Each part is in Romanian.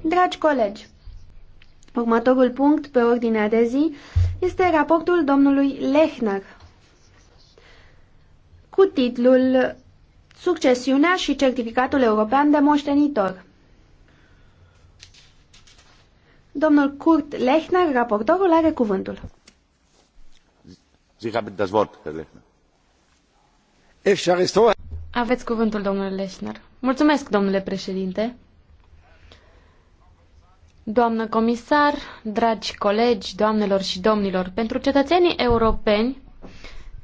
Dragi colegi, următorul punct pe ordinea de zi este raportul domnului Lechner cu titlul Succesiunea și certificatul european de moștenitor. Domnul Kurt Lechner, raportorul, are cuvântul. Lechner. Aveți cuvântul, domnule Lechner. Mulțumesc, domnule președinte. Doamnă comisar, dragi colegi, doamnelor și domnilor, pentru cetățenii europeni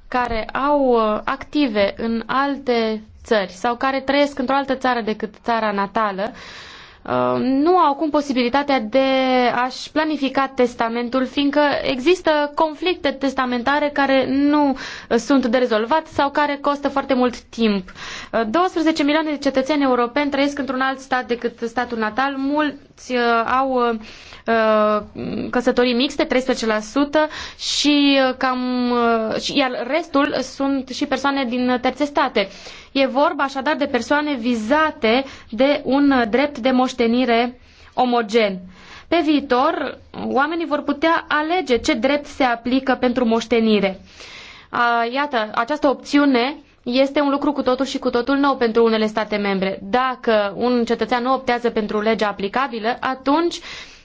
care au uh, active în alte țări sau care trăiesc într-o altă țară decât țara natală, Uh, nu au acum posibilitatea de a-și planifica testamentul, fiindcă există conflicte testamentare care nu uh, sunt de rezolvat sau care costă foarte mult timp. 12 uh, milioane de cetățeni europeni trăiesc într-un alt stat decât statul natal. Mulți au căsătorii mixte, 13%, și cam, iar restul sunt și persoane din terțe state. E vorba așadar de persoane vizate de un drept de moștenire omogen. Pe viitor, oamenii vor putea alege ce drept se aplică pentru moștenire. Iată, această opțiune este un lucru cu totul și cu totul nou pentru unele state membre. Dacă un cetățean nu optează pentru legea aplicabilă, atunci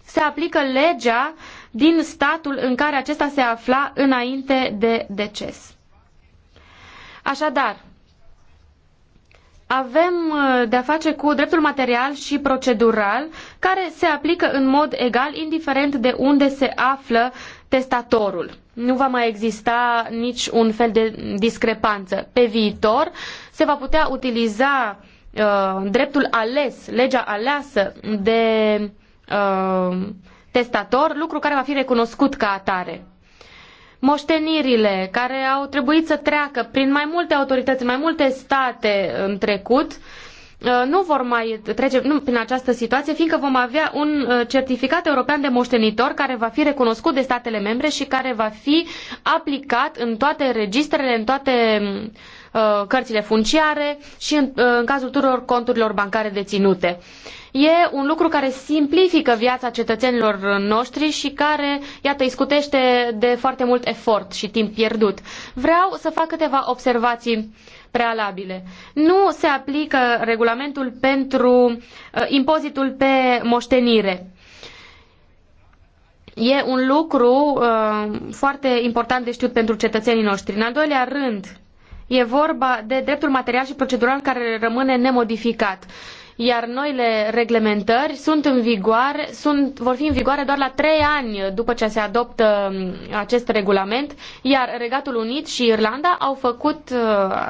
se aplică legea din statul în care acesta se afla înainte de deces. Așadar, avem uh, de-a face cu dreptul material și procedural care se aplică în mod egal indiferent de unde se află testatorul. Nu va mai exista nici un fel de discrepanță. Pe viitor se va putea utiliza uh, dreptul ales, legea aleasă de uh, testator, lucru care va fi recunoscut ca atare moștenirile care au trebuit să treacă prin mai multe autorități, mai multe state în trecut, uh, nu vor mai trece nu, prin această situație, fiindcă vom avea un uh, certificat european de moștenitor care va fi recunoscut de statele membre și care va fi aplicat în toate registrele, în toate Uh, cărțile funciare și în, uh, în cazul tuturor conturilor bancare deținute. E un lucru care simplifică viața cetățenilor noștri și care, iată, îi scutește de foarte mult efort și timp pierdut. Vreau să fac câteva observații prealabile. Nu se aplică regulamentul pentru uh, impozitul pe moștenire e un lucru uh, foarte important de știut pentru cetățenii noștri. În al doilea rând, E vorba de dreptul material și procedural care rămâne nemodificat. Iar noile reglementări sunt în vigoare, sunt, vor fi în vigoare doar la trei ani după ce se adoptă um, acest regulament, iar Regatul Unit și Irlanda au făcut uh,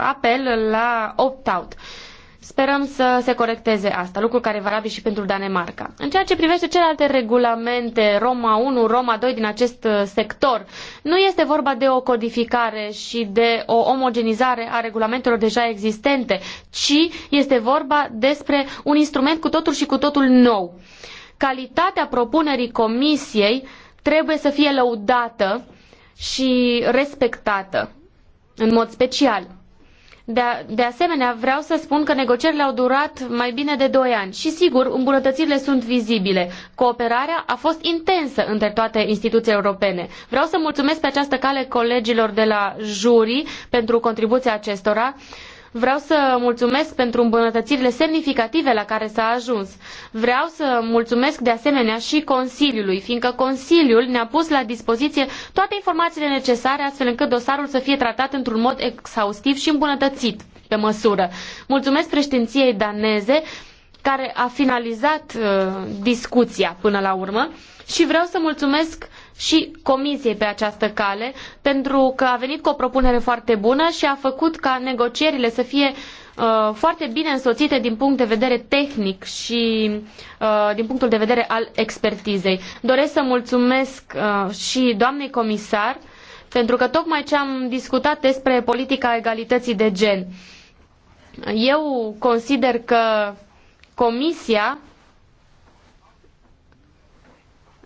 apel la opt-out. Sperăm să se corecteze asta, lucru care e valabil și pentru Danemarca. În ceea ce privește celelalte regulamente, Roma 1, Roma 2 din acest uh, sector, nu este vorba de o codificare și de o omogenizare a regulamentelor deja existente, ci este vorba despre un instrument cu totul și cu totul nou. Calitatea propunerii comisiei trebuie să fie lăudată și respectată în mod special. De, a, de asemenea, vreau să spun că negocierile au durat mai bine de doi ani și, sigur, îmbunătățirile sunt vizibile. Cooperarea a fost intensă între toate instituțiile europene. Vreau să mulțumesc pe această cale colegilor de la juri pentru contribuția acestora. Uh, Vreau să mulțumesc pentru îmbunătățirile semnificative la care s-a ajuns. Vreau să mulțumesc de asemenea și Consiliului, fiindcă Consiliul ne-a pus la dispoziție toate informațiile necesare astfel încât dosarul să fie tratat într-un mod exhaustiv și îmbunătățit pe măsură. Mulțumesc președinției daneze care a finalizat uh, discuția până la urmă și vreau să mulțumesc și Comisiei pe această cale, pentru că a venit cu o propunere foarte bună și a făcut ca negocierile să fie uh, foarte bine însoțite din punct de vedere tehnic și uh, din punctul de vedere al expertizei. Doresc să mulțumesc uh, și doamnei comisar pentru că tocmai ce am discutat despre politica egalității de gen. Eu consider că Comisia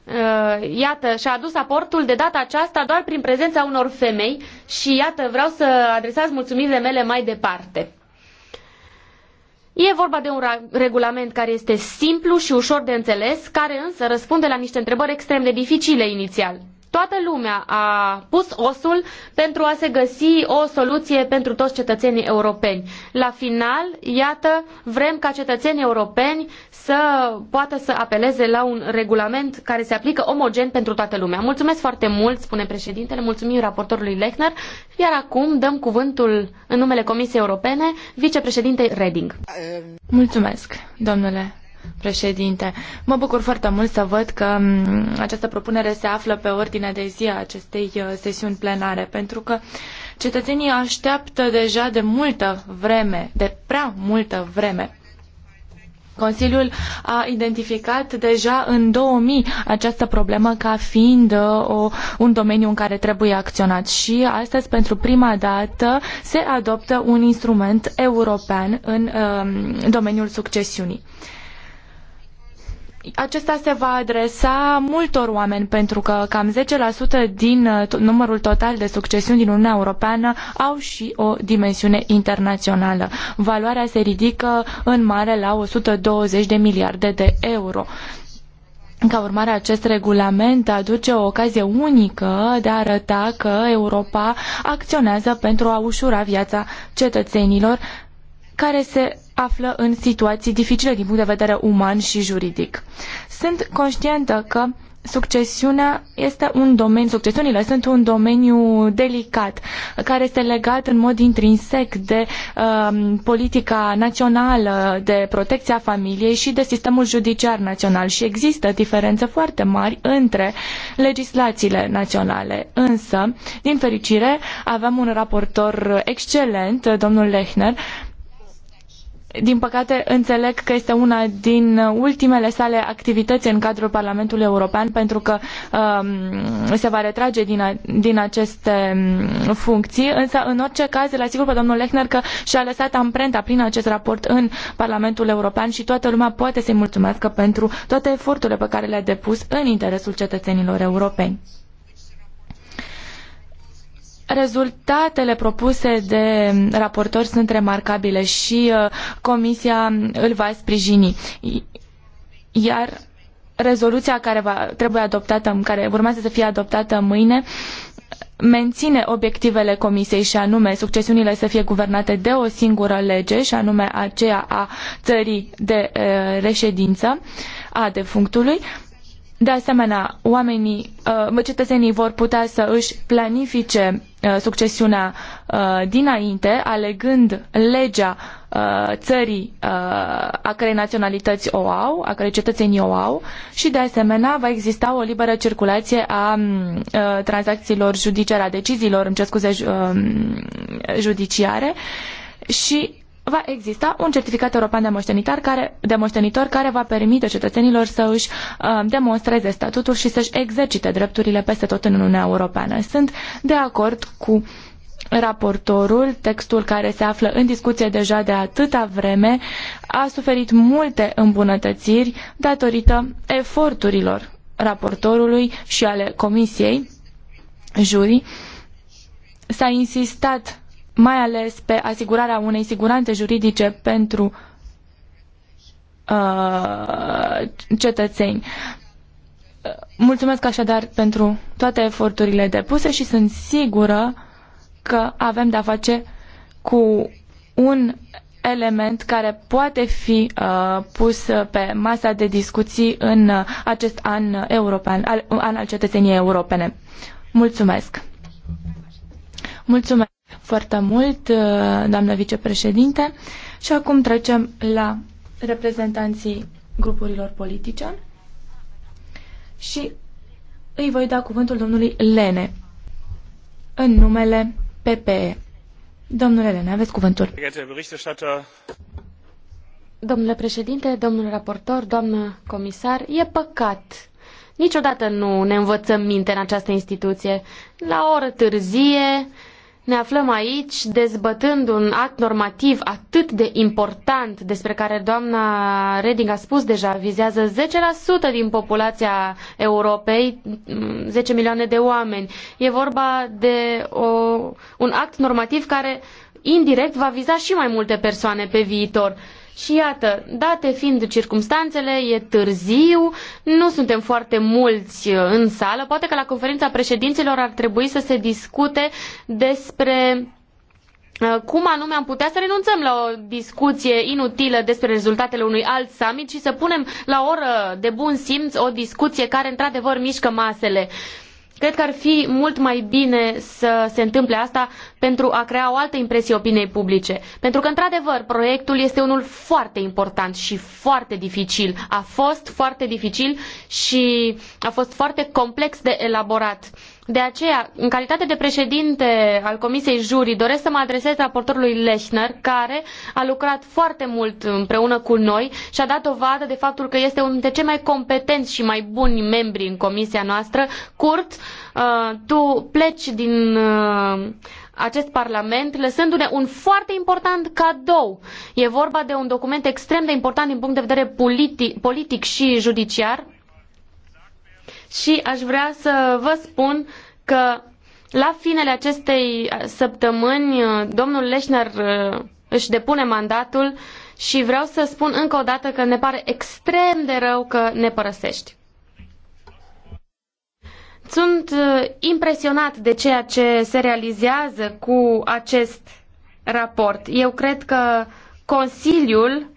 Uh, iată, și-a adus aportul de data aceasta doar prin prezența unor femei și iată, vreau să adresez mulțumirile mele mai departe. E vorba de un regulament care este simplu și ușor de înțeles, care însă răspunde la niște întrebări extrem de dificile inițial. Toată lumea a pus osul pentru a se găsi o soluție pentru toți cetățenii europeni. La final, iată, vrem ca cetățenii europeni să poată să apeleze la un regulament care se aplică omogen pentru toată lumea. Mulțumesc foarte mult, spune președintele, mulțumim raportorului Lechner, iar acum dăm cuvântul în numele Comisiei Europene vicepreședintei Reding. Mulțumesc, domnule președinte. Mă bucur foarte mult să văd că mm, această propunere se află pe ordinea de zi a acestei uh, sesiuni plenare, pentru că cetățenii așteaptă deja de multă vreme, de prea multă vreme, Consiliul a identificat deja în 2000 această problemă ca fiind uh, o, un domeniu în care trebuie acționat și astăzi pentru prima dată se adoptă un instrument european în um, domeniul succesiunii acesta se va adresa multor oameni pentru că cam 10% din uh, numărul total de succesiuni din Uniunea Europeană au și o dimensiune internațională. Valoarea se ridică în mare la 120 de miliarde de euro. Ca urmare, acest regulament aduce o ocazie unică de a arăta că Europa acționează pentru a ușura viața cetățenilor care se află în situații dificile din punct de vedere uman și juridic. Sunt conștientă că succesiunea este un domeniu, succesiunile sunt un domeniu delicat, care este legat în mod intrinsec de uh, politica națională de protecția familiei și de sistemul judiciar național și există diferențe foarte mari între legislațiile naționale. Însă, din fericire, avem un raportor excelent, domnul Lechner, din păcate, înțeleg că este una din ultimele sale activități în cadrul Parlamentului European, pentru că um, se va retrage din, a, din aceste um, funcții. Însă, în orice caz, îl asigur pe domnul Lechner că și-a lăsat amprenta prin acest raport în Parlamentul European și toată lumea poate să-i mulțumească pentru toate eforturile pe care le-a depus în interesul cetățenilor europeni. Rezultatele propuse de raportori sunt remarcabile și uh, Comisia îl va sprijini. Iar rezoluția care va trebui adoptată, care urmează să fie adoptată mâine, menține obiectivele Comisiei și anume succesiunile să fie guvernate de o singură lege și anume aceea a țării de uh, reședință a defunctului, de asemenea, oamenii, uh, cetățenii vor putea să își planifice uh, succesiunea uh, dinainte, alegând legea țării a cărei naționalități o au, a cărei cetățenii o au și de asemenea va exista o liberă circulație a mm, tranzacțiilor judiciare, a deciziilor, îmi cer scuze, mm, judiciare și va exista un certificat european de moștenitor care, de moștenitor care va permite cetățenilor să își uh, demonstreze statutul și să-și exercite drepturile peste tot în Uniunea Europeană. Sunt de acord cu raportorul, textul care se află în discuție deja de atâta vreme, a suferit multe îmbunătățiri datorită eforturilor raportorului și ale comisiei juri. S-a insistat mai ales pe asigurarea unei siguranțe juridice pentru uh, cetățeni. Mulțumesc așadar pentru toate eforturile depuse și sunt sigură că avem de-a face cu un element care poate fi uh, pus pe masa de discuții în uh, acest an european, al, an al cetățeniei europene. Mulțumesc! Mulțumesc! foarte mult, uh, doamnă vicepreședinte. Și acum trecem la reprezentanții grupurilor politice și îi voi da cuvântul domnului Lene în numele PPE. Domnule Lene, aveți cuvântul. Domnule președinte, domnule raportor, doamnă comisar, e păcat Niciodată nu ne învățăm minte în această instituție. La o oră târzie, ne aflăm aici dezbătând un act normativ atât de important despre care doamna Reding a spus deja, vizează 10% din populația Europei, 10 mm, milioane de oameni. E vorba de o, un act normativ care indirect va viza și mai multe persoane pe viitor. Și iată, date fiind circumstanțele, e târziu, nu suntem foarte mulți uh, în sală. Poate că la conferința președinților ar trebui să se discute despre uh, cum anume am putea să renunțăm la o discuție inutilă despre rezultatele unui alt summit și să punem la oră de bun simț o discuție care într-adevăr mișcă masele. Uh, Cred că ar fi mult mai bine să se întâmple asta pentru a crea o altă impresie opiniei publice. Pentru că, într-adevăr, proiectul este unul foarte important și foarte dificil. A fost foarte dificil și a fost foarte complex de elaborat. Uh, de aceea, în calitate de președinte al Comisiei Juri, doresc să mă adresez raportorului Lechner, care a lucrat foarte mult împreună cu noi și a dat dovadă de faptul că este unul dintre cei mai competenți și mai buni membri în comisia noastră. Curt, uh, tu pleci din uh, acest Parlament, lăsându-ne un foarte important cadou. E vorba de un document extrem de important din punct de vedere politic și judiciar, și aș vrea să vă spun că la finele acestei săptămâni uh, domnul Leșner uh, își depune mandatul și vreau să spun încă o dată că ne pare extrem de rău că ne părăsești. Sunt uh, impresionat de ceea ce se realizează cu acest raport. Eu cred că Consiliul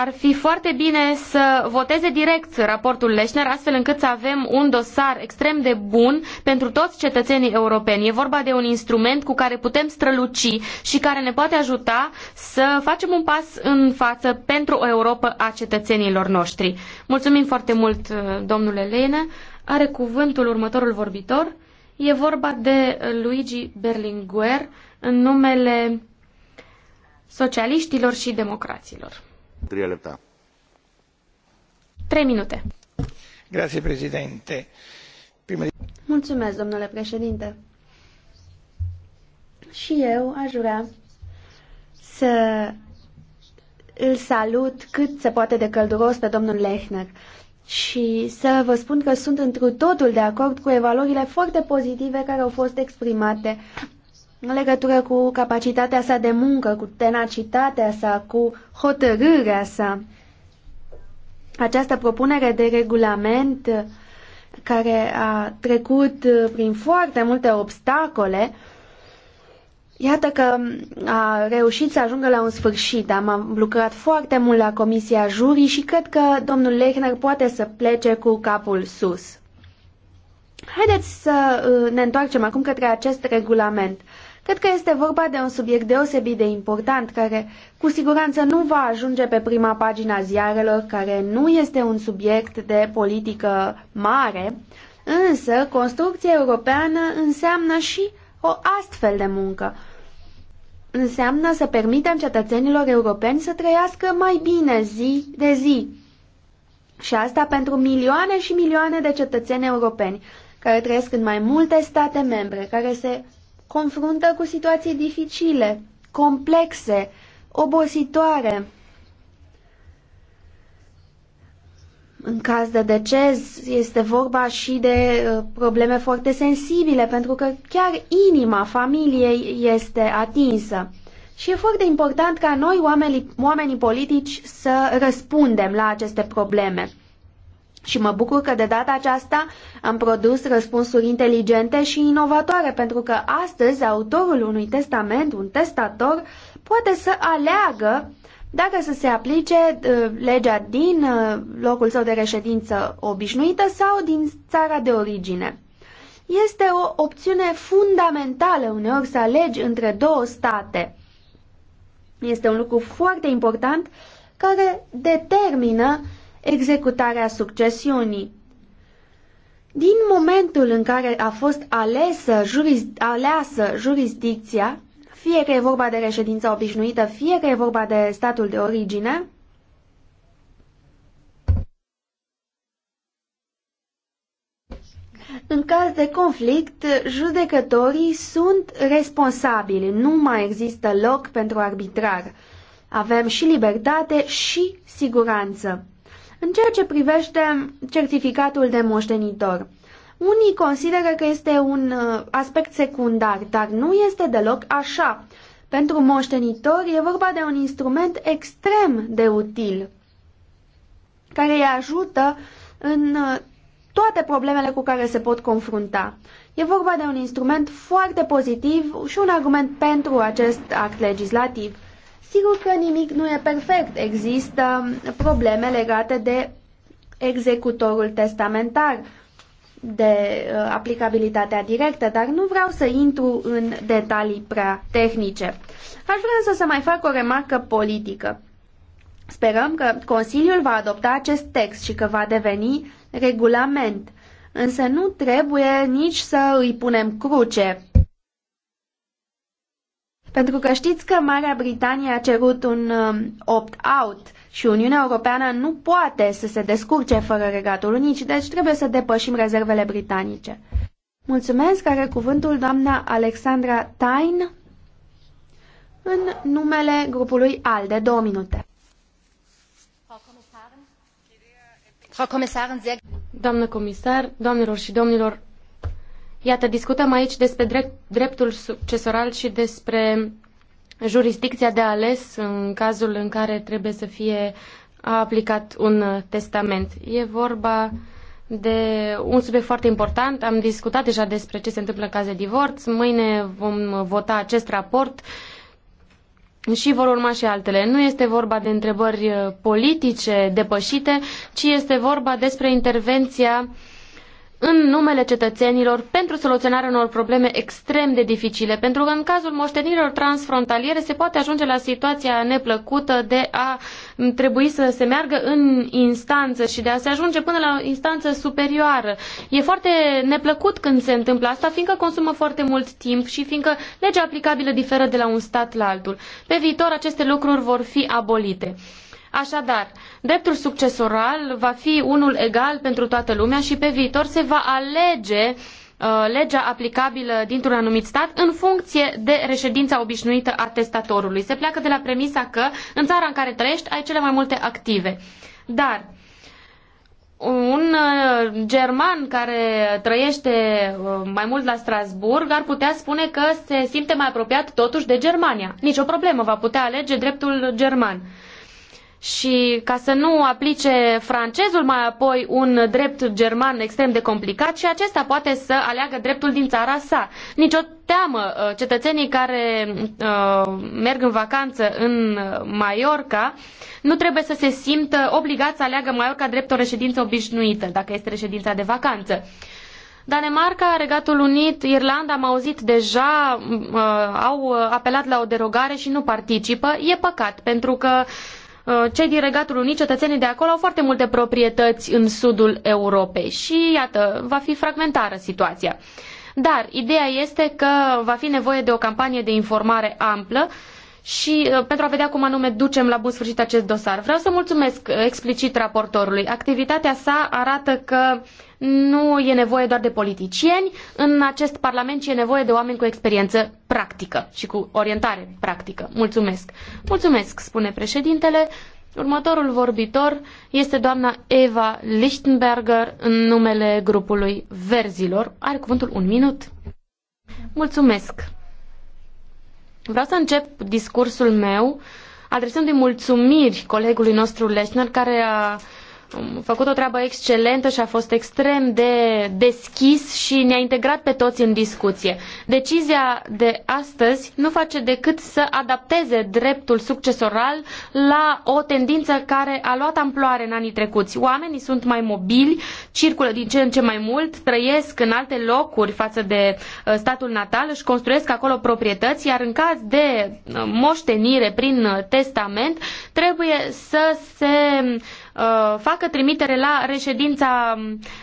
ar fi foarte bine să voteze direct raportul Lechner, astfel încât să avem un dosar extrem de bun pentru toți cetățenii europeni. E vorba de un instrument cu care putem străluci și care ne poate ajuta să facem un pas în față pentru o Europa a cetățenilor noștri. Mulțumim foarte mult, domnule Lene. Are cuvântul următorul vorbitor. E vorba de Luigi Berlinguer în numele socialiștilor și democraților. Trei minute. Mulțumesc, domnule președinte. Și eu aș vrea să îl salut cât se poate de călduros pe domnul Lechner și să vă spun că sunt întru totul de acord cu evaluările foarte pozitive care au fost exprimate în legătură cu capacitatea sa de muncă, cu tenacitatea sa, cu hotărârea sa. Această propunere de regulament care a trecut prin foarte multe obstacole, iată că a reușit să ajungă la un sfârșit. Am lucrat foarte mult la Comisia Jurii și cred că domnul Lechner poate să plece cu capul sus. Haideți să uh, ne întoarcem acum către acest regulament. Cred că este vorba de un subiect deosebit de important, care cu siguranță nu va ajunge pe prima pagina ziarelor, care nu este un subiect de politică mare, însă construcția europeană înseamnă și o astfel de muncă. Înseamnă să permitem cetățenilor europeni să trăiască mai bine zi de zi. Și asta pentru milioane și milioane de cetățeni europeni care trăiesc în mai multe state membre, care se confruntă cu situații dificile, complexe, obositoare. În caz de deces este vorba și de uh, probleme foarte sensibile, pentru că chiar inima familiei este atinsă. Și e foarte important ca noi, oamenii, oamenii politici, să răspundem la aceste probleme. Și mă bucur că de data aceasta am produs răspunsuri inteligente și inovatoare, pentru că astăzi autorul unui testament, un testator, poate să aleagă dacă să se aplice uh, legea din uh, locul său de reședință obișnuită sau din țara de origine. Este o opțiune fundamentală uneori să alegi între două state. Este un lucru foarte important care determină executarea succesiunii. Din momentul în care a fost alesă, juris, aleasă jurisdicția, fie că e vorba de reședința obișnuită, fie că e vorba de statul de origine, În caz de conflict, judecătorii sunt responsabili, nu mai există loc pentru arbitrar. Avem și libertate și siguranță. În ceea ce privește certificatul de moștenitor, unii consideră că este un uh, aspect secundar, dar nu este deloc așa. Pentru moștenitor, e vorba de un instrument extrem de util, care îi ajută în uh, toate problemele cu care se pot confrunta. E vorba de un instrument foarte pozitiv și un argument pentru acest act legislativ. Sigur că nimic nu e perfect. Există probleme legate de executorul testamentar, de uh, aplicabilitatea directă, dar nu vreau să intru în detalii prea tehnice. Aș vrea să să mai fac o remarcă politică. Sperăm că Consiliul va adopta acest text și că va deveni regulament. Însă nu trebuie nici să îi punem cruce pentru că știți că Marea Britanie a cerut un um, opt-out și Uniunea Europeană nu poate să se descurce fără regatul unic, deci trebuie să depășim rezervele britanice. Mulțumesc, are cuvântul doamna Alexandra Tain în numele grupului ALDE. Două minute. Doamnă comisar, doamnelor și domnilor, Iată, discutăm aici despre drept, dreptul succesoral și despre jurisdicția de ales în cazul în care trebuie să fie aplicat un testament. E vorba de un subiect foarte important. Am discutat deja despre ce se întâmplă în caz de divorț. Mâine vom vota acest raport și vor urma și altele. Nu este vorba de întrebări politice depășite, ci este vorba despre intervenția uh, în numele cetățenilor pentru soluționarea unor probleme extrem de dificile, pentru că în cazul moștenirilor transfrontaliere se poate ajunge la situația neplăcută de a trebui să se meargă în instanță și de a se ajunge până la o instanță superioară. E foarte neplăcut când se întâmplă asta, fiindcă consumă foarte mult timp și fiindcă legea aplicabilă diferă de la un stat la altul. Pe viitor aceste lucruri vor fi abolite. Așadar, dreptul succesoral va fi unul egal pentru toată lumea și pe viitor se va alege uh, legea aplicabilă dintr-un anumit stat în funcție de reședința obișnuită a testatorului. Se pleacă de la premisa că în țara în care trăiești ai cele mai multe active. Dar un uh, german care trăiește uh, mai mult la Strasbourg ar putea spune că se simte mai apropiat totuși de Germania. Nici o problemă, va putea alege dreptul german și ca să nu aplice francezul mai apoi un drept german extrem de complicat și acesta poate să aleagă dreptul din țara sa. Nici o teamă, uh, cetățenii care uh, merg în vacanță în Mallorca nu trebuie să se simtă obligați să aleagă Mallorca drept o reședință obișnuită, dacă este reședința de vacanță. Danemarca, Regatul Unit, Irlanda, am auzit deja, uh, au uh, apelat la o derogare și nu participă. E păcat, pentru că uh, Uh, cei din Regatul Unit, cetățenii de acolo, au foarte multe proprietăți în sudul Europei și, iată, va fi fragmentară situația. Dar ideea este că va fi nevoie de o campanie de informare amplă și uh, pentru a vedea cum anume ducem la bun sfârșit acest dosar. Vreau să mulțumesc uh, explicit raportorului. Activitatea sa arată că nu e nevoie doar de politicieni în acest parlament, ci e nevoie de oameni cu experiență practică și cu orientare practică. Mulțumesc. Mulțumesc, spune președintele. Următorul vorbitor este doamna Eva Lichtenberger în numele grupului Verzilor. Are cuvântul un minut. Mulțumesc. Vreau să încep discursul meu adresându-i mulțumiri colegului nostru Lechner, care a făcut o treabă excelentă și a fost extrem de deschis și ne-a integrat pe toți în discuție. Decizia de astăzi nu face decât să adapteze dreptul succesoral la o tendință care a luat amploare în anii trecuți. Oamenii sunt mai mobili, circulă din ce în ce mai mult, trăiesc în alte locuri față de uh, statul natal, își construiesc acolo proprietăți, iar în caz de uh, moștenire prin uh, testament trebuie să se Uh, facă trimitere la reședința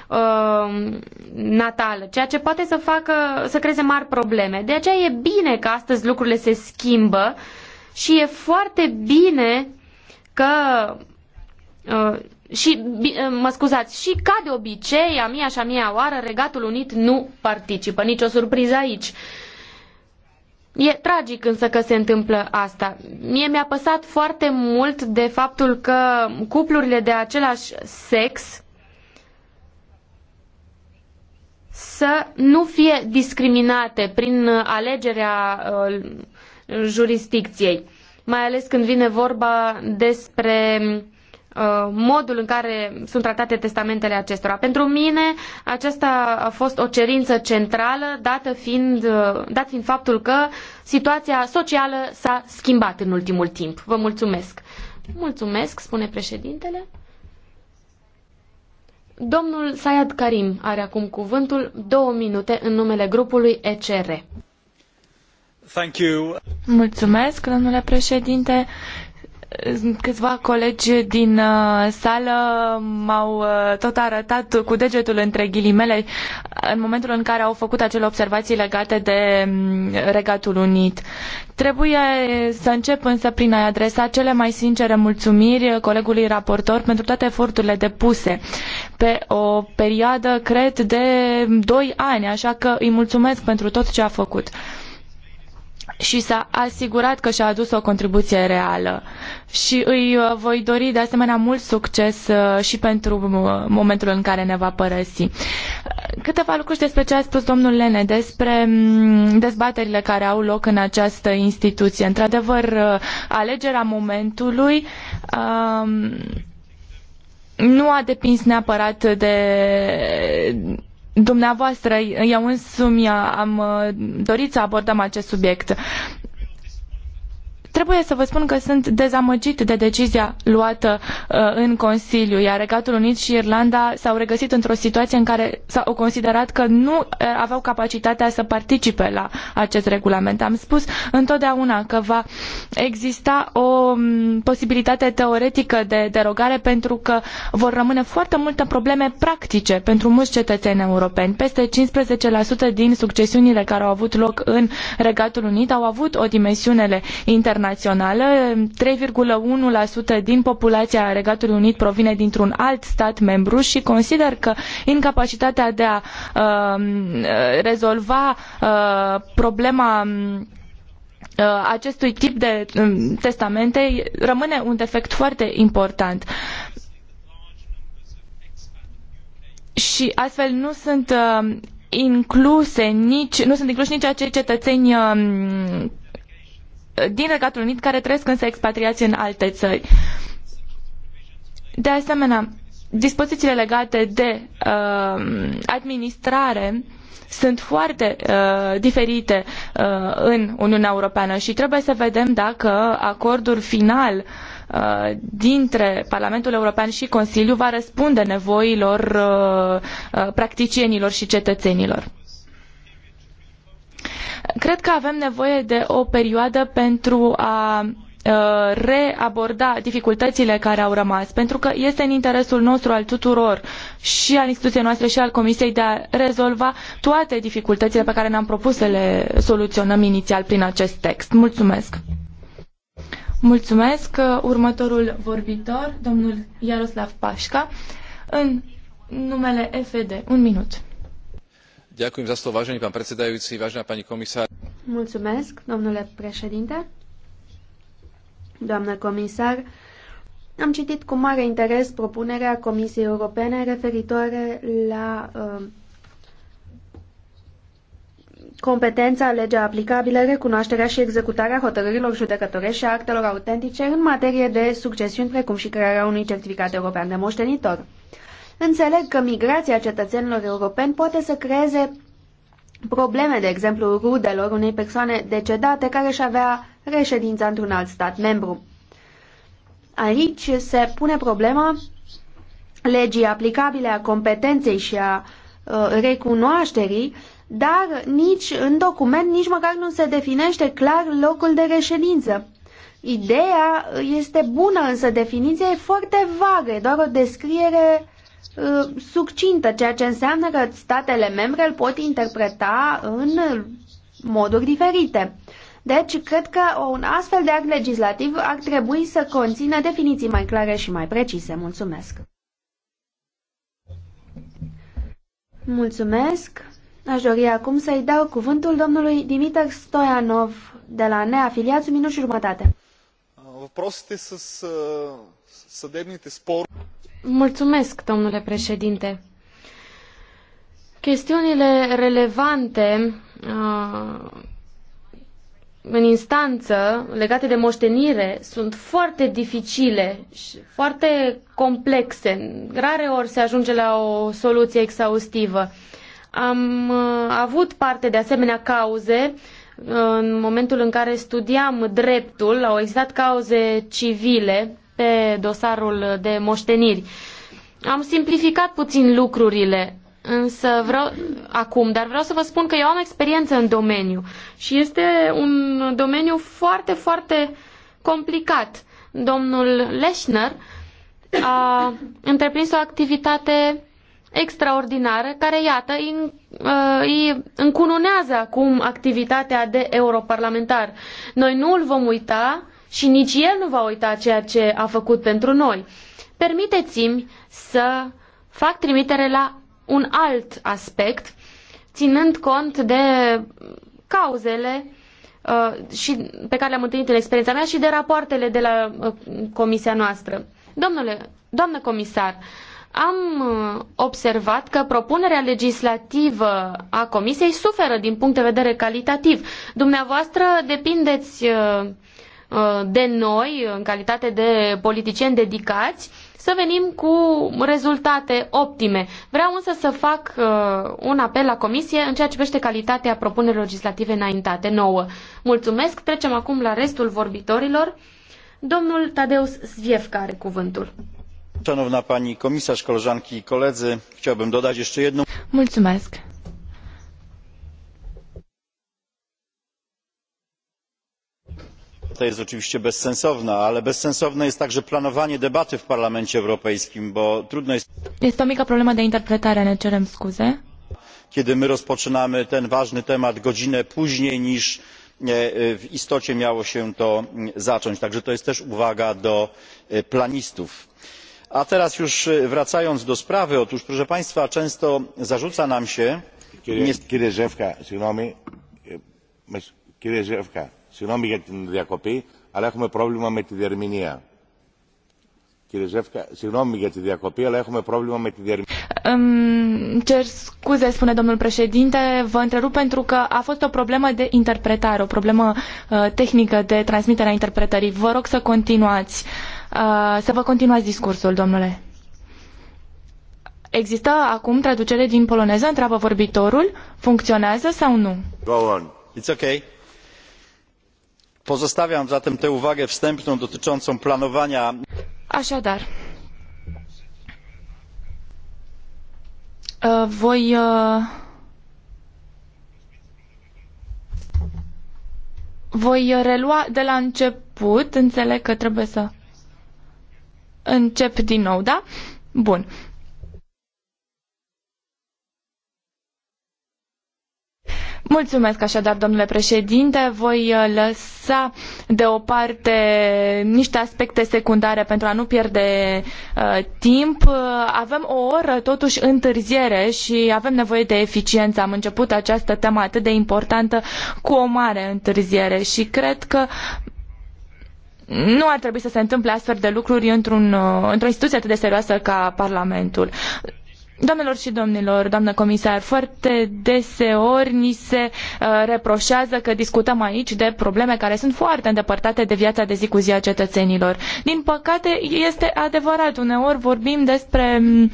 uh, natală, ceea ce poate să facă să creeze mari probleme. De aceea e bine că astăzi lucrurile se schimbă și e foarte bine că uh, și, uh, mă scuzați, și ca de obicei, a mia și a mia oară, Regatul Unit nu participă. nicio surpriză aici. Uh, E tragic însă că se întâmplă asta. Mie mi-a păsat foarte mult de faptul că cuplurile de același sex să nu fie discriminate prin alegerea uh, jurisdicției, mai ales când vine vorba despre Uh, modul în care sunt tratate testamentele acestora. Pentru mine aceasta a fost o cerință centrală, dată fiind, uh, dat fiind faptul că situația socială s-a schimbat în ultimul timp. Vă mulțumesc. Mulțumesc, spune președintele. Domnul Sayad Karim are acum cuvântul două minute în numele grupului ECR. Mulțumesc, domnule președinte. Câțiva colegi din uh, sală m-au uh, tot arătat cu degetul între ghilimele în momentul în care au făcut acele observații legate de mm, Regatul Unit. Trebuie să încep însă prin a-i adresa cele mai sincere mulțumiri colegului raportor pentru toate eforturile depuse pe o perioadă, cred, de doi ani, așa că îi mulțumesc pentru tot ce a făcut și s-a asigurat că și-a adus o contribuție reală. Și îi uh, voi dori de asemenea mult succes uh, și pentru uh, momentul în care ne va părăsi. Câteva lucruri despre ce a spus domnul Lene, despre mm, dezbaterile care au loc în această instituție. Într-adevăr, alegerea momentului um, nu a depins neapărat de dumneavoastră, eu însumi am uh, dorit să abordăm acest subiect. Trebuie să vă spun că sunt dezamăgit de decizia luată uh, în Consiliu, iar Regatul Unit și Irlanda s-au regăsit într-o situație în care s-au considerat că nu uh, aveau capacitatea să participe la acest regulament. Am spus întotdeauna că va exista o mm, posibilitate teoretică de derogare pentru că vor rămâne foarte multe probleme practice pentru mulți cetățeni europeni. Peste 15% din succesiunile care au avut loc în Regatul Unit au avut o dimensiune internațională internațională. 3,1% din populația Regatului Unit provine dintr-un alt stat membru și consider că incapacitatea de a uh, rezolva uh, problema uh, acestui tip de um, testamente rămâne un defect foarte important. Și astfel nu sunt uh, incluse nici, nu sunt incluși nici acei cetățeni um, din Regatul Unit care trăiesc însă expatriați în alte țări. De asemenea, dispozițiile legate de uh, administrare sunt foarte uh, diferite uh, în Uniunea Europeană și trebuie să vedem dacă acordul final uh, dintre Parlamentul European și Consiliu va răspunde nevoilor uh, uh, practicienilor și cetățenilor. Cred că avem nevoie de o perioadă pentru a uh, reaborda dificultățile care au rămas, pentru că este în interesul nostru al tuturor și al instituției noastre și al Comisiei de a rezolva toate dificultățile pe care ne-am propus să le soluționăm inițial prin acest text. Mulțumesc! Mulțumesc! Uh, următorul vorbitor, domnul Iaroslav Pașca, în numele FD. Un minut. Mulțumesc, domnule președinte. comisar, am citit cu mare interes propunerea Comisiei Europene referitoare la uh, competența, legea aplicabilă, recunoașterea și executarea hotărârilor judecătorești și a actelor autentice în materie de succesiuni, precum și crearea unui certificat european de moștenitor. Înțeleg că migrația cetățenilor europeni poate să creeze probleme, de exemplu, rudelor unei persoane decedate care își avea reședința într-un alt stat membru. Aici se pune problema legii aplicabile a competenței și a uh, recunoașterii, dar nici în document, nici măcar nu se definește clar locul de reședință. Ideea este bună, însă definiția e foarte vagă, e doar o descriere Uh, succintă, ceea ce înseamnă că statele membre îl pot interpreta în moduri diferite. Deci, cred că un astfel de act legislativ ar trebui să conțină definiții mai clare și mai precise. Mulțumesc! Mulțumesc! Aș dori acum să-i dau cuvântul domnului Dimitar Stoianov de la neafiliați, minut și jumătate. să, să demnite sporul. Mulțumesc, domnule președinte. Chestiunile relevante uh, în instanță legate de moștenire sunt foarte dificile și foarte complexe. Rare ori se ajunge la o soluție exhaustivă. Am uh, avut parte de asemenea cauze uh, în momentul în care studiam dreptul, au existat cauze civile pe dosarul de moșteniri. Am simplificat puțin lucrurile, însă vreau acum, dar vreau să vă spun că eu am experiență în domeniu și este un domeniu foarte, foarte complicat. Domnul Leșner a întreprins o activitate extraordinară care, iată, îi, uh, încununează acum activitatea de europarlamentar. Noi nu îl vom uita și nici el nu va uita ceea ce a făcut pentru noi. Permiteți-mi să fac trimitere la un alt aspect, ținând cont de cauzele uh, și pe care le-am întâlnit în experiența mea și de rapoartele de la uh, comisia noastră. Domnule, doamnă comisar, am uh, observat că propunerea legislativă a Comisiei suferă din punct de vedere calitativ. Dumneavoastră depindeți uh, Uh, de noi, în calitate de politicieni dedicați, să venim cu rezultate optime. Vreau însă să fac uh, un apel la Comisie în ceea ce privește calitatea propunerilor legislative înaintate nouă. Mulțumesc. Trecem acum la restul vorbitorilor. Domnul Tadeusz Zwiefka are cuvântul. Szanowna pani komisarz, koleżanki i koledzy, chciałbym dodać jeszcze jedną. Mulțumesc. ta jest oczywiście bezsensowna ale bezsensowne jest także planowanie debaty w parlamencie europejskim bo trudno jest. este de interpretare ne kiedy my rozpoczynamy ten ważny temat godzinę później niż w istocie miało się to mm, zacząć także to jest też uwaga do planistów. a teraz już wracając do sprawy otóż proszę państwa często zarzuca nam się. Συγγνώμη για την διακοπή, αλλά έχουμε πρόβλημα με τη διερμηνία. Κύριε Ζεύκα, συγγνώμη για τη διακοπή, αλλά έχουμε πρόβλημα με τη διερμηνία. Îmi cer scuze, spune domnul președinte, vă întrerup pentru că a fost o problemă de interpretare, o problemă uh, tehnică de transmitere a interpretării. Vă rog să continuați, uh, să vă continuați discursul, domnule. Există acum traducere din poloneză, întreabă vorbitorul, funcționează sau nu? Go on. It's okay pozostawiam zatem tę uwagę wstępną dotyczącą planowania Așadar, voi voi relua de la început, înțeleg că trebuie să încep din nou, da? Bun. Mulțumesc așadar, domnule președinte. Voi uh, lăsa deoparte niște aspecte secundare pentru a nu pierde uh, timp. Uh, avem o oră totuși întârziere și avem nevoie de eficiență. Am început această temă atât de importantă cu o mare întârziere și cred că nu ar trebui să se întâmple astfel de lucruri într-un, uh, într-o instituție atât de serioasă ca Parlamentul. Doamnelor și domnilor, doamnă comisar, foarte deseori ni se uh, reproșează că discutăm aici de probleme care sunt foarte îndepărtate de viața de zi cu zi a cetățenilor. Din păcate, este adevărat, uneori vorbim despre mm,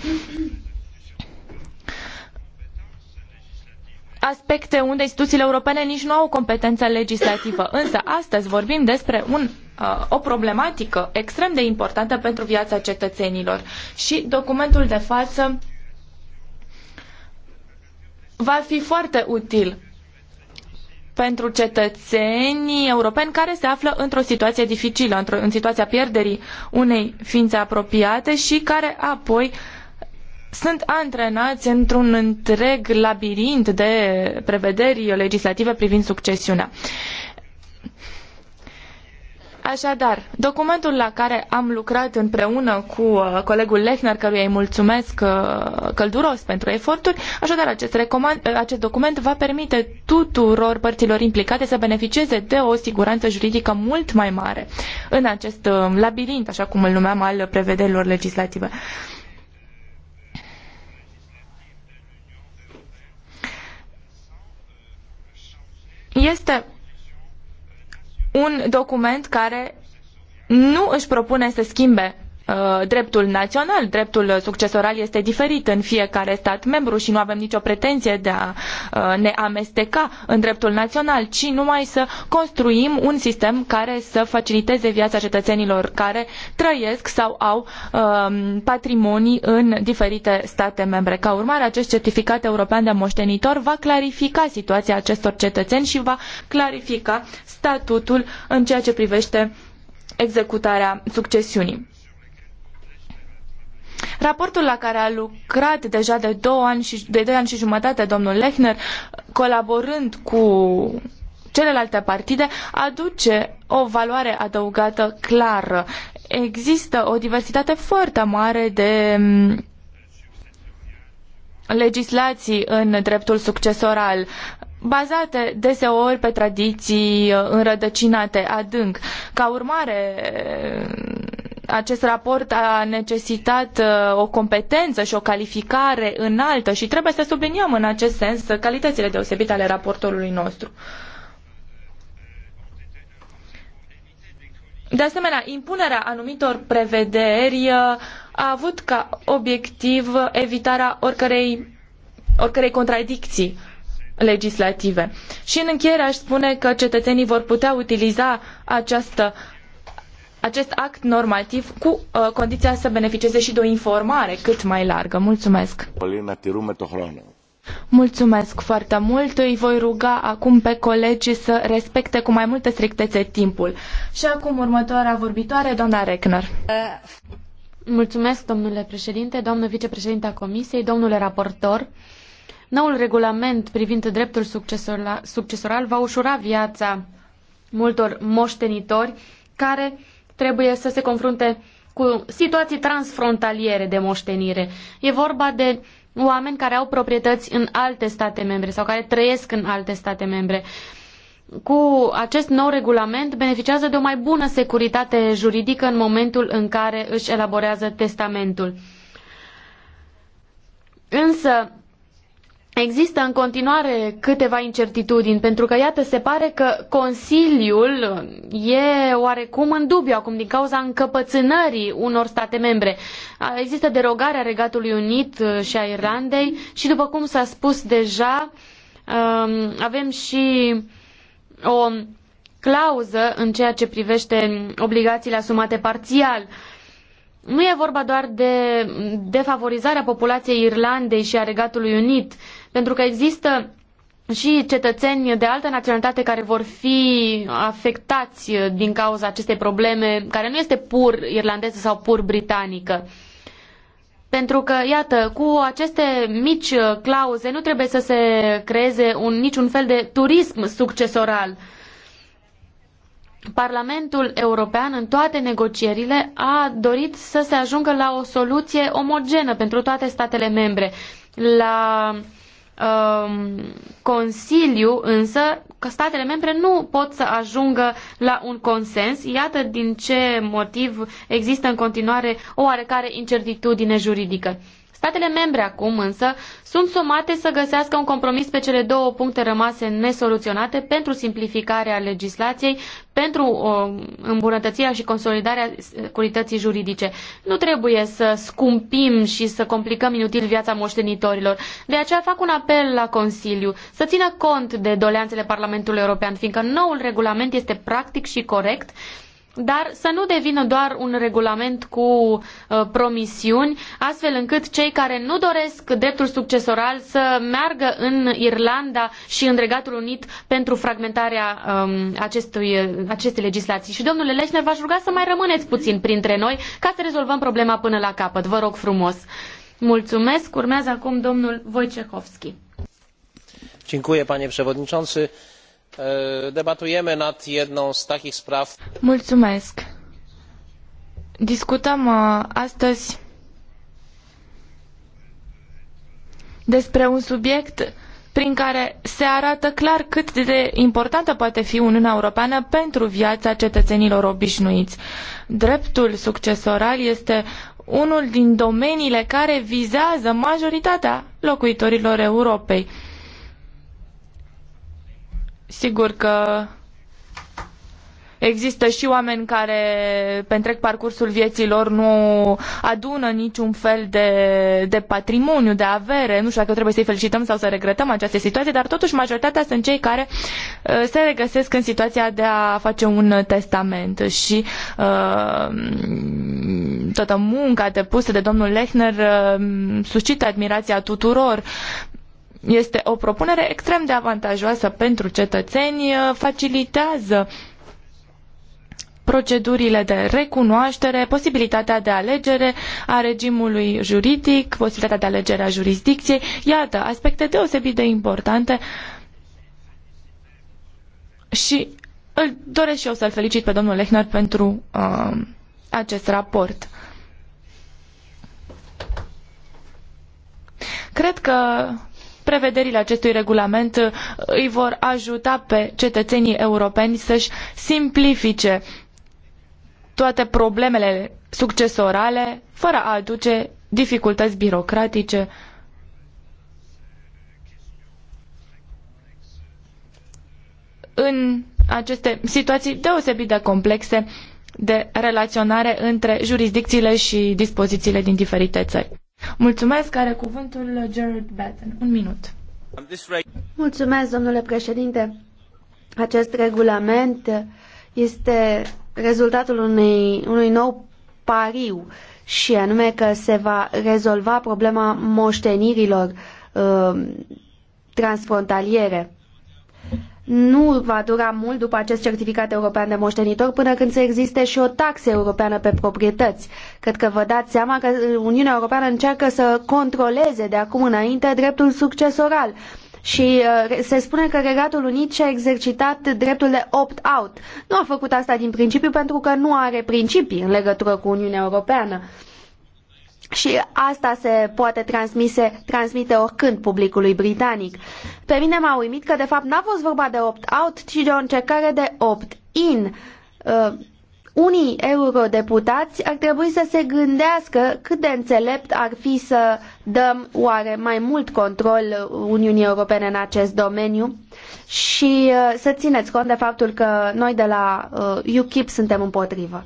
aspecte unde instituțiile europene nici nu au competență legislativă. Însă astăzi vorbim despre un, uh, o problematică extrem de importantă pentru viața cetățenilor. Și documentul de față va fi foarte util pentru cetățenii europeni care se află într-o situație dificilă, într în situația pierderii unei ființe apropiate și care apoi sunt antrenați într-un întreg labirint de prevederi legislative privind succesiunea. Uh, Așadar, documentul la care am lucrat împreună cu uh, colegul Lechner, căruia îi mulțumesc uh, călduros pentru eforturi, așadar acest, recomand, uh, acest document va permite tuturor părților implicate să beneficieze de o siguranță juridică mult mai mare în acest labirint, așa cum îl numeam, al prevederilor legislative. Este un document care nu își propune să schimbe Uh, dreptul național, dreptul succesoral este diferit în fiecare stat membru și nu avem nicio pretenție de a uh, ne amesteca în dreptul național, ci numai să construim un sistem care să faciliteze viața cetățenilor care trăiesc sau au um, patrimonii în diferite state membre. Ca urmare, acest certificat european de moștenitor va clarifica situația acestor cetățeni și va clarifica statutul în ceea ce privește executarea succesiunii. Raportul la care a lucrat deja de, două ani și, de doi ani și jumătate domnul Lechner, colaborând cu celelalte partide, aduce o valoare adăugată clară. Există o diversitate foarte mare de mm, legislații în dreptul succesoral bazate deseori pe tradiții înrădăcinate adânc. Ca urmare acest raport a necesitat uh, o competență și o calificare înaltă și trebuie să subliniem în acest sens calitățile deosebite ale raportorului nostru. De asemenea, impunerea anumitor prevederi uh, a avut ca obiectiv evitarea oricărei, oricărei contradicții legislative. Și în încheiere aș spune că cetățenii vor putea utiliza această acest act normativ cu uh, condiția să beneficieze și de o informare cât mai largă. Mulțumesc! Mulțumesc foarte mult. Îi voi ruga acum pe colegii să respecte cu mai multă strictețe timpul. Și acum următoarea vorbitoare, doamna Reckner. Mulțumesc, domnule președinte, doamnă vicepreședinte a Comisiei, domnule raportor. Noul regulament privind dreptul succesoral va ușura viața multor moștenitori care trebuie să se confrunte cu situații transfrontaliere de moștenire. E vorba de oameni care au proprietăți în alte state membre sau care trăiesc în alte state membre. Cu acest nou regulament beneficiază de o mai bună securitate juridică în momentul în care își elaborează testamentul. Însă, Există în continuare câteva incertitudini, pentru că, iată, se pare că Consiliul e oarecum în dubiu acum din cauza încăpățânării unor state membre. Există derogarea Regatului Unit uh, și a Irlandei și, după cum s-a spus deja, um, avem și o clauză în ceea ce privește obligațiile asumate parțial. Nu e vorba doar de defavorizarea populației Irlandei și a Regatului Unit, pentru că există și cetățeni de altă naționalitate care vor fi afectați din cauza acestei probleme, care nu este pur irlandeză sau pur britanică. Pentru că, iată, cu aceste mici clauze nu trebuie să se creeze un, niciun fel de turism succesoral. Uh, Parlamentul European în toate negocierile a dorit să se ajungă la o soluție omogenă pentru toate statele membre. La um, Consiliu însă că statele membre nu pot să ajungă la un consens. Iată din ce motiv există în continuare o oarecare incertitudine juridică. Statele membre acum însă sunt somate să găsească un compromis pe cele două puncte rămase nesoluționate pentru simplificarea legislației, pentru uh, îmbunătățirea și consolidarea securității juridice. Nu trebuie să scumpim și să complicăm inutil viața moștenitorilor. De aceea fac un apel la Consiliu să țină cont de doleanțele Parlamentului European, fiindcă noul regulament este practic și corect dar să nu devină doar un regulament cu uh, promisiuni, astfel încât cei care nu doresc dreptul succesoral să meargă în Irlanda și în Regatul Unit pentru fragmentarea um, acestui, acestei legislații. Și domnule Lechner, v-aș ruga să mai rămâneți puțin printre noi ca să rezolvăm problema până la capăt. Vă rog frumos. Mulțumesc. Urmează acum domnul Wojciechowski. Dziękuję, panie przewodniczący debatujemy nad jedną z takich spraw. Mulțumesc. Discutăm astăzi despre un subiect prin care se arată clar cât de importantă poate fi Uniunea Europeană pentru viața cetățenilor obișnuiți. Dreptul succesoral este unul din domeniile care vizează majoritatea locuitorilor Europei. Sigur că există și oameni care întreg parcursul vieții lor, nu adună niciun fel de, de patrimoniu, de avere. Nu știu dacă trebuie să-i felicităm sau să regretăm această situație, dar totuși majoritatea sunt cei care uh, se regăsesc în situația de a face un testament și uh, toată munca depusă de domnul Lechner uh, suscită admirația tuturor. Este o propunere extrem de avantajoasă pentru cetățeni, uh, facilitează procedurile de recunoaștere, posibilitatea de alegere a regimului juridic, posibilitatea de alegere a jurisdicției. Iată, aspecte deosebit de importante și îl doresc și eu să-l felicit pe domnul Lechner pentru uh, acest raport. Cred că prevederile acestui regulament uh, îi vor ajuta pe cetățenii europeni să-și simplifice toate problemele succesorale fără a aduce dificultăți birocratice. În aceste situații deosebit de complexe de relaționare între jurisdicțiile și dispozițiile din diferite țări. Mulțumesc, are cuvântul Gerard Batten. Un minut. Mulțumesc, domnule președinte. Acest regulament este rezultatul unei, unui nou pariu și anume că se va rezolva problema moștenirilor uh, transfrontaliere nu va dura mult după acest certificat european de moștenitor până când să existe și o taxă europeană pe proprietăți. Cred că vă dați seama că Uniunea Europeană încearcă să controleze de acum înainte dreptul succesoral. Și uh, se spune că Regatul Unit și-a exercitat dreptul de opt-out. Nu a făcut asta din principiu pentru că nu are principii în legătură cu Uniunea Europeană. Uh, și asta se poate transmise, transmite oricând publicului britanic. Pe mine m-a uimit că de fapt n-a fost vorba de opt-out, ci de o încercare de opt-in. Uh, unii eurodeputați ar trebui să se gândească cât de înțelept ar fi să dăm oare mai mult control Uniunii Europene în acest domeniu și uh, să țineți cont de faptul că noi de la uh, UKIP suntem împotrivă.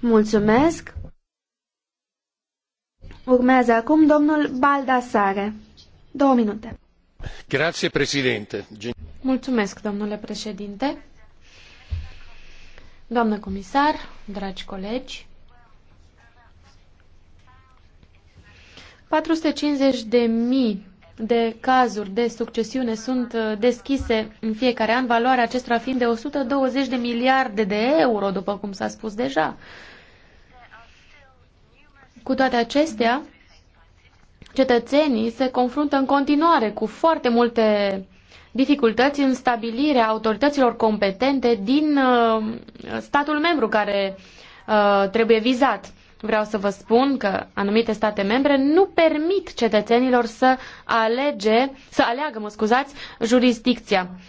Mulțumesc! Urmează acum domnul Baldassare. Două minute. Grazie, președinte. Mulțumesc, domnule președinte. Doamnă comisar, dragi colegi, 450 de mii de cazuri de succesiune sunt uh, deschise în fiecare an, valoarea acestora fiind de 120 de miliarde de euro, după cum s-a spus deja. Cu toate acestea, cetățenii se confruntă în continuare cu foarte multe dificultăți în stabilirea autorităților competente din uh, statul membru care uh, trebuie vizat. Vreau să vă spun că anumite state membre nu permit cetățenilor să alege, să aleagă, mă scuzați, jurisdicția. Uh,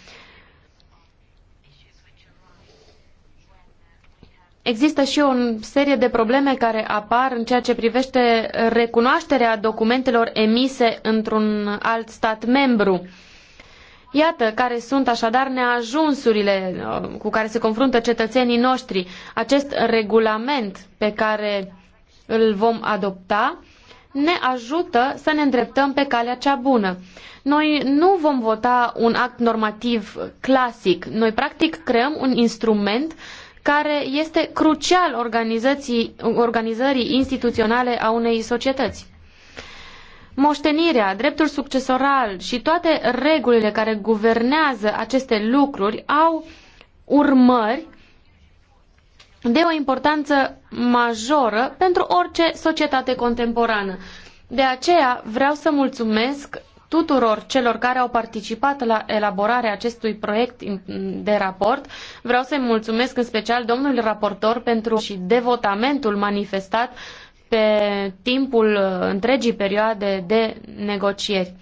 Există și o serie de probleme care apar în ceea ce privește recunoașterea documentelor emise într-un alt stat membru. Iată care sunt așadar neajunsurile uh, cu care se confruntă cetățenii noștri. Acest regulament pe care îl vom adopta ne ajută să ne îndreptăm pe calea cea bună. Noi nu vom vota un act normativ clasic, noi practic creăm un instrument care este crucial organizării instituționale a unei societăți. Moștenirea, dreptul succesoral și toate regulile care guvernează aceste lucruri au urmări de o importanță majoră pentru orice societate contemporană. De aceea vreau să mulțumesc tuturor celor care au participat la elaborarea acestui proiect de raport. Vreau să-i mulțumesc în special domnului raportor pentru și devotamentul manifestat pe timpul uh, întregii perioade de negocieri.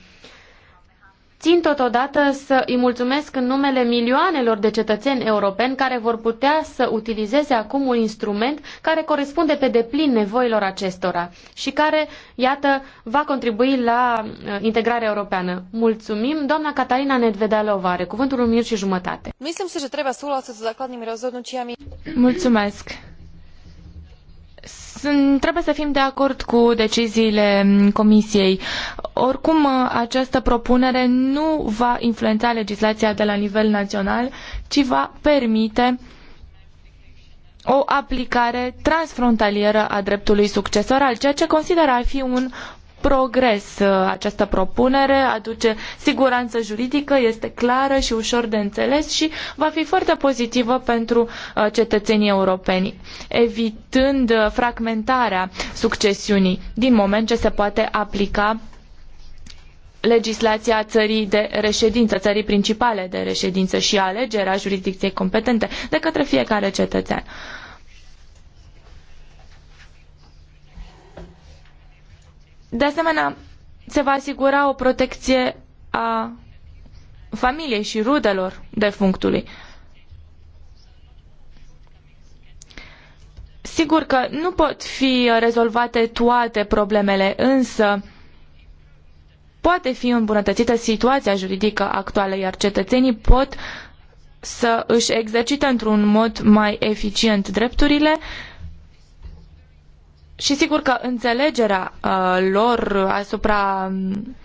Țin totodată să îi mulțumesc în numele milioanelor de cetățeni europeni care vor putea să utilizeze acum un instrument care corespunde pe deplin nevoilor acestora și care, iată, va contribui la uh, integrarea europeană. Mulțumim. Doamna Catalina Nedvedalova are cuvântul un minut și jumătate. Mulțumesc. Sunt, trebuie să fim de acord cu deciziile Comisiei. Oricum, această propunere nu va influența legislația de la nivel național, ci va permite o aplicare transfrontalieră a dreptului succesoral, ceea ce consider a fi un progres uh, această propunere, aduce siguranță juridică, este clară și ușor de înțeles și va fi foarte pozitivă pentru uh, cetățenii europeni, evitând uh, fragmentarea succesiunii din moment ce se poate aplica legislația țării de reședință, țării principale de reședință și alegerea jurisdicției competente de către fiecare cetățean. De asemenea, se va asigura o protecție a familiei și rudelor defunctului. Sigur că nu pot fi rezolvate toate problemele, însă poate fi îmbunătățită situația juridică actuală, iar cetățenii pot să își exercite într-un mod mai eficient drepturile și sigur că înțelegerea uh, lor asupra um,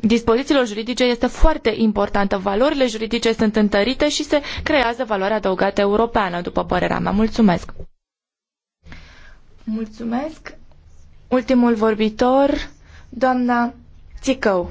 dispozițiilor juridice este foarte importantă. Valorile juridice sunt întărite și se creează valoarea adăugată europeană, după părerea mea. Mulțumesc! Mulțumesc! Ultimul vorbitor, doamna Țicău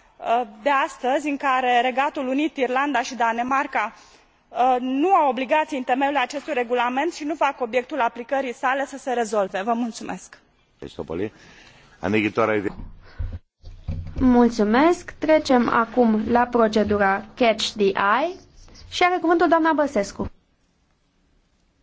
de astăzi în care regatul unit irlanda i danemarca uh, nu au obligaii în temeiul acestui regulament i nu fac obiectul aplicării sale să se rezolve. Vă Mulțumesc. Trecem acum la procedura Catch the Eye și Băsescu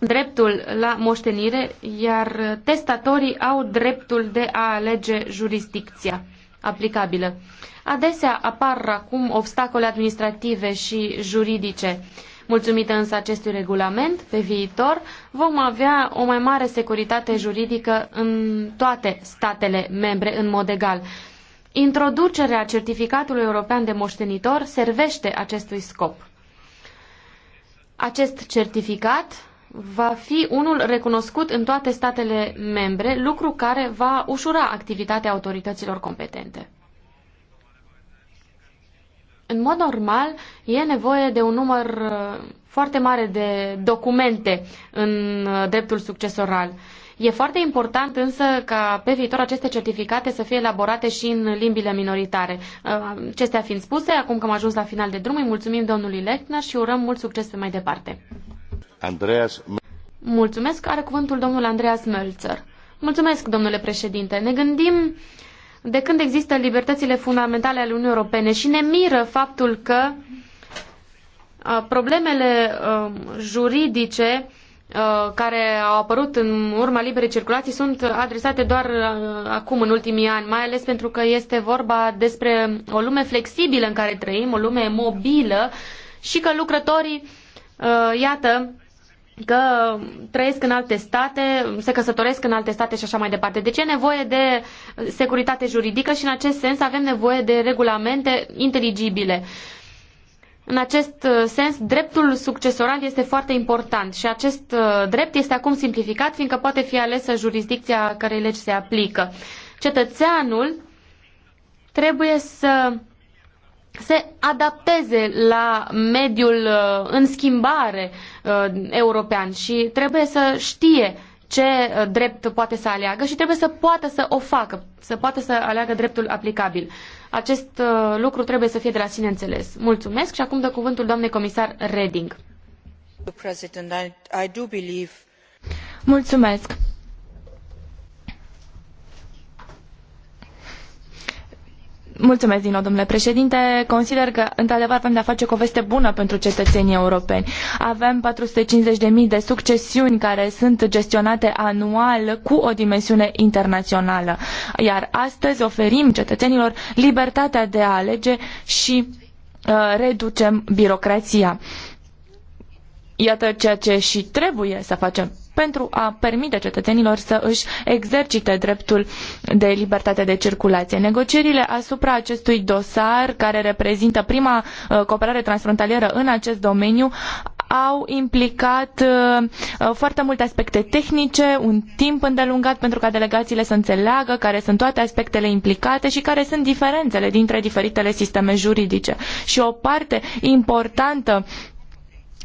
dreptul la moștenire, iar testatorii au dreptul de a alege jurisdicția aplicabilă. Adesea apar acum obstacole administrative și juridice. Mulțumită însă acestui regulament, pe viitor vom avea o mai mare securitate juridică în toate statele membre în mod egal. Introducerea certificatului european de moștenitor servește acestui scop. Acest certificat va fi unul recunoscut în toate statele membre, lucru care va ușura activitatea autorităților competente. În mod normal, e nevoie de un număr uh, foarte mare de documente în uh, dreptul succesoral. E foarte important însă ca pe viitor aceste certificate să fie elaborate și în limbile minoritare. Uh, acestea fiind spuse, acum că am ajuns la final de drum, îi mulțumim domnului Lechner și urăm mult succes pe mai departe. Andreas... Mulțumesc, are cuvântul domnul Andreas Mölzer. Mulțumesc, domnule președinte. Ne gândim de când există libertățile fundamentale ale Uniunii Europene și ne miră faptul că uh, problemele uh, juridice Uh, care au apărut în urma liberei circulații sunt adresate doar uh, acum, în ultimii ani, mai ales pentru că este vorba despre o lume flexibilă în care trăim, o lume mobilă și că lucrătorii, uh, iată, că trăiesc în alte state, se căsătoresc în alte state și așa mai departe. Deci e nevoie de securitate juridică și în acest sens avem nevoie de regulamente inteligibile. În acest uh, sens, dreptul succesoral este foarte important și acest uh, drept este acum simplificat, fiindcă poate fi alesă jurisdicția care legi se aplică. Cetățeanul trebuie să se adapteze la mediul uh, în schimbare european și trebuie să știe ce drept poate să aleagă și trebuie să poată să o facă, să poată să aleagă dreptul aplicabil. Acest uh, lucru trebuie să fie de la sine înțeles. Mulțumesc și acum dă cuvântul doamnei comisar Reding. Mulțumesc. Mulțumesc din nou, domnule președinte. Consider că, într-adevăr, avem de-a face cu o veste bună pentru cetățenii europeni. Avem 450.000 de succesiuni care sunt gestionate anual cu o dimensiune internațională. Iar astăzi oferim cetățenilor libertatea de a alege și uh, reducem birocrația. Iată ceea ce și trebuie să facem pentru a permite cetățenilor să își exercite dreptul de libertate de circulație. Negocierile asupra acestui dosar, care reprezintă prima uh, cooperare transfrontalieră în acest domeniu, au implicat uh, uh, foarte multe aspecte tehnice, un timp îndelungat pentru ca delegațiile să înțeleagă care sunt toate aspectele implicate și care sunt diferențele dintre diferitele sisteme juridice. Și o parte importantă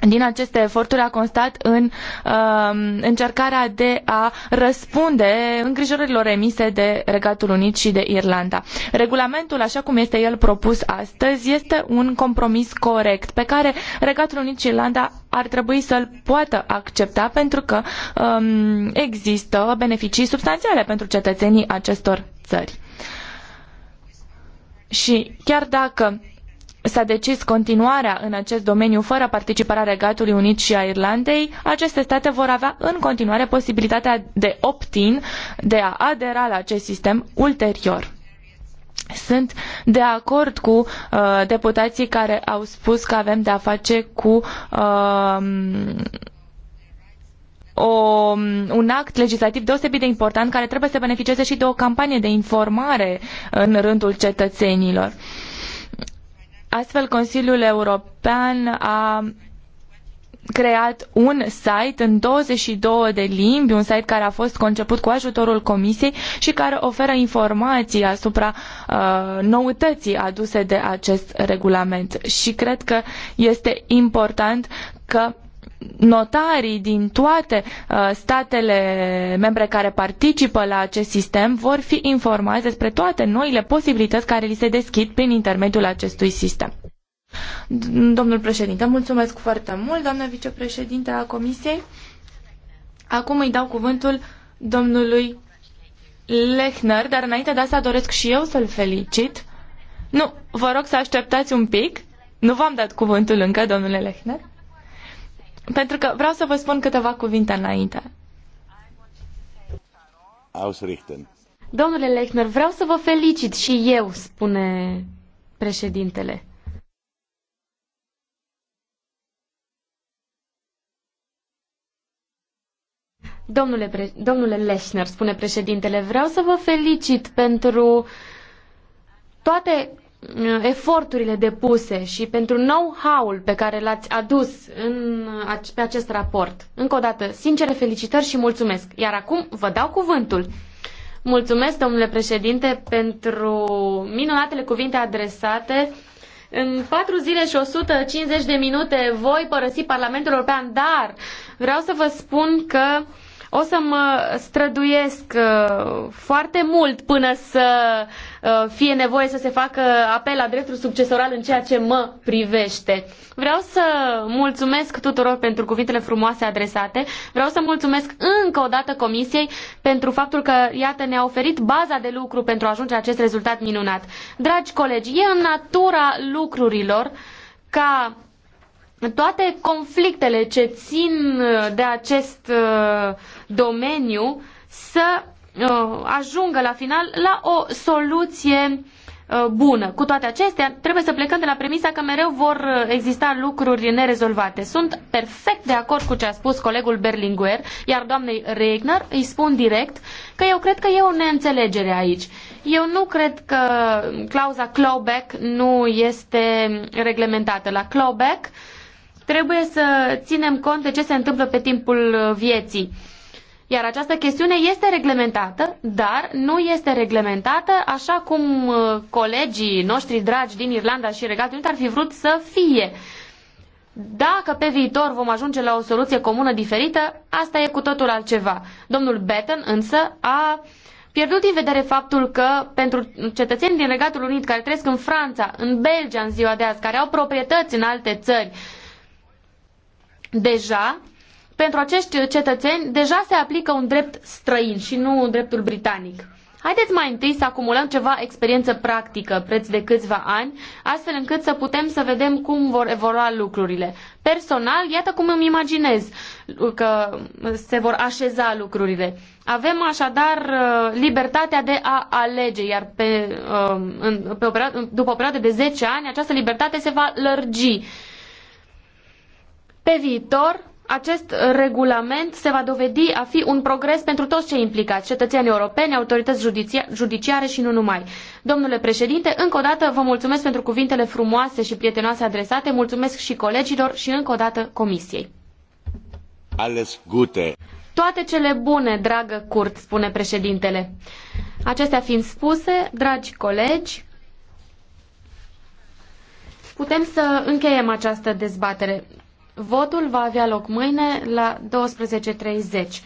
din aceste eforturi a constat în uh, încercarea de a răspunde îngrijorărilor emise de Regatul Unit și de Irlanda. Regulamentul, așa cum este el propus astăzi, este un compromis corect pe care Regatul Unit și Irlanda ar trebui să-l poată accepta pentru că um, există beneficii substanțiale pentru cetățenii acestor țări. Și chiar dacă s-a decis continuarea în acest domeniu fără participarea Regatului Unit și a Irlandei, aceste state vor avea în continuare posibilitatea de opt-in, de a adera la acest sistem ulterior. Sunt de acord cu uh, deputații care au spus că avem de a face cu uh, o, un act legislativ deosebit de important care trebuie să beneficieze și de o campanie de informare în rândul cetățenilor. Uh, Astfel, Consiliul European a creat un site în 22 de limbi, un site care a fost conceput cu ajutorul Comisiei și care oferă informații asupra uh, noutății aduse de acest regulament. Și cred că este important că notarii din toate uh, statele membre care participă la acest sistem vor fi informați despre toate noile posibilități care li se deschid prin intermediul acestui sistem. Domnul președinte, mulțumesc foarte mult, doamnă vicepreședinte a Comisiei. Acum îi dau cuvântul domnului Lechner, dar înainte de asta doresc și eu să-l felicit. Nu, vă rog să așteptați un pic. Nu v-am dat cuvântul încă, domnule Lechner pentru că vreau să vă spun câteva cuvinte înainte. Ausrichten. Domnule Lechner, vreau să vă felicit și eu, spune președintele. Domnule, pre- domnule Lechner, spune președintele, vreau să vă felicit pentru toate Uh, eforturile depuse și pentru know-how-ul pe care l-ați adus în, pe acest raport. Încă o dată, sincere felicitări și mulțumesc. Iar acum vă dau cuvântul. Mulțumesc, domnule președinte, pentru minunatele cuvinte adresate. În patru zile și 150 de minute voi părăsi Parlamentul European, dar vreau să vă spun că o să mă străduiesc uh, foarte mult până să uh, fie nevoie să se facă apel la dreptul succesoral în ceea ce mă privește. Vreau să mulțumesc tuturor pentru cuvintele frumoase adresate. Vreau să mulțumesc încă o dată Comisiei pentru faptul că, iată, ne-a oferit baza de lucru pentru a ajunge la acest rezultat minunat. Dragi colegi, e în natura lucrurilor ca toate conflictele ce țin uh, de acest uh, domeniu să uh, ajungă la final la o soluție bună. Cu toate acestea, trebuie să plecăm de la premisa că mereu vor exista lucruri nerezolvate. Sunt perfect de acord cu ce a spus colegul Berlinguer, iar doamnei Regner îi spun direct că eu cred că e o neînțelegere aici. Eu nu cred că clauza clawback nu este reglementată. La clawback uh, trebuie să ținem cont de ce se întâmplă pe timpul vieții. Iar această chestiune este reglementată, dar nu este reglementată așa cum uh, colegii noștri dragi din Irlanda și Regatul Unit ar fi vrut să fie. Dacă pe viitor vom ajunge la o soluție comună diferită, asta e cu totul altceva. Domnul Batten însă a pierdut din vedere faptul că pentru cetățenii din Regatul Unit care trăiesc în Franța, în Belgia în ziua de azi, care au proprietăți în alte țări, deja, pentru acești cetățeni, deja se aplică un drept străin și nu un dreptul britanic. Haideți mai întâi să acumulăm ceva experiență practică, preț de câțiva ani, astfel încât să putem să vedem cum vor evolua lucrurile. Personal, iată cum îmi imaginez că se vor așeza lucrurile. Avem așadar uh, libertatea de a alege, iar pe, uh, pe o perioadă, după o perioadă de 10 ani această libertate se va lărgi pe viitor, acest regulament se va dovedi a fi un progres pentru toți cei implicați, cetățenii europeni, autorități judicia judiciare și nu numai. Domnule președinte, încă o dată vă mulțumesc pentru cuvintele frumoase și prietenoase adresate, mulțumesc și colegilor și încă o dată comisiei. Ales gute. Toate cele bune, dragă Curt, spune președintele. Acestea fiind spuse, dragi colegi, putem să încheiem această dezbatere. Votul va avea loc mâine la 12.30.